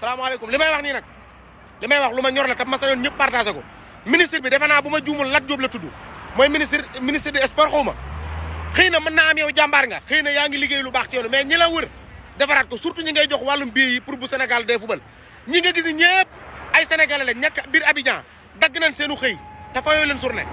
salaamaaleykum li may wax nii nag li wax lu ma ñor la tam ma sañoon ñëpp partagé ko ministre bi defe bu ma juumul Lat Diop la tudd mooy ministre ministre de sport ma xëy na mën naa am yow jàmbaar nga xëy na yaa ngi liggéey lu baax ci yoonu mais ñi la wër defaraat ko surtout ñi ngay jox wàllum biir yi pour bu Sénégal day fubal ñi nga gis ñëpp ay sénégalais la ñàkk biir Abidjan dagg nañ seenu xëy te fayoo leen journée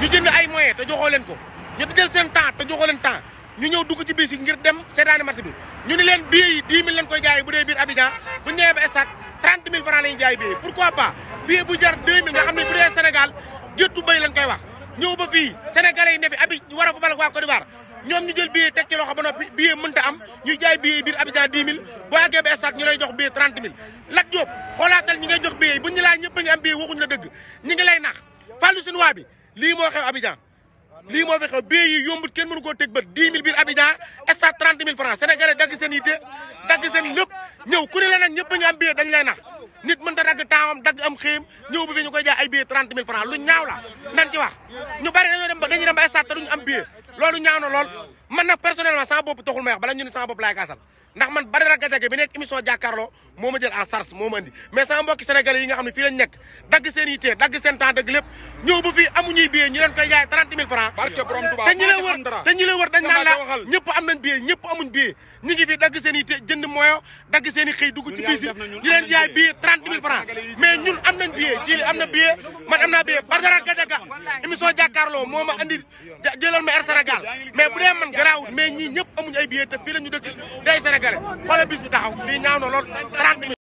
ñu jënd ay moyens te joxoo leen ko ñu jël seen temps te joxoo leen temps ñu ñëw dugg ci bis ngir dem sétane marché bi ñu ni leen billet yi 10000 lañ koy jaay bu dé biir Abidjan bu ñëwee ba stade 30000 francs lañ jaay billet pourquoi pas billet bu jar 2000 nga xam bu dé Sénégal gëttu bay lañ koy wax ñëw ba fi sénégalais yi ne fi abi war fa bal ak wa Côte d'Ivoire ñom ñu jël billet tek ci loxo ba nopi billet mënta am ñu jaay billet biir Abidjan 10000 bu agé ba stade ñu lay jox billet 30000 000 Lat Diop ñi ngay jox billet bu ñu la ñëpp ngi am billet waxuñ la dëgg ñi ngi lay nax fallu suñu wa bi li mo xew Abidjan lii moo fi xew billets yi yombut kenn mënu koo teg bët 10 000 biir Abidjan stade 30 000 francs sénégalais dagg seen yite dagg seen lépp ñëw ku ne la nag ñëpp a ngi am billet dañ lay nax nit mën ta dagg taawam dagg am xéem ñëw bu koy jaay ay billets 30 000 francs lu ñaaw la nan ci ba dañuy dem ba loolu ñaaw na lool man nag personnellement sama bopp taxul may bala ñu ne sama bopp laay ndax man Badara Gadiaga bi nekk émission jàkkaarloo moo ma jël en charge moo ma indi sama mbokki sénégalais yi nga xam ne fii lañ nekk dagg seen yitte dagg seen temps dagg lépp ñëw ba fii amuñuy billet ñu yaay 30 000 francs te ñi la te ñi la wër dañ naan am nañ billet ñëpp amuñ billet ñi fi dagg seen yitte jënd mooyo dagg seen i xëy dugg ci biis yi ñu leen yaay francs billet jili am na billet man am naa billet Badara Gadiaga émission jàkkaarloo moo ma andi jëlal ma air Sénégal mais bu dee man garaawut mais ñii ñëpp amuñu ay billet te fii la ñu dëkk day sénégalais xoolal bis bi taxaw lii ñaaw na lool 30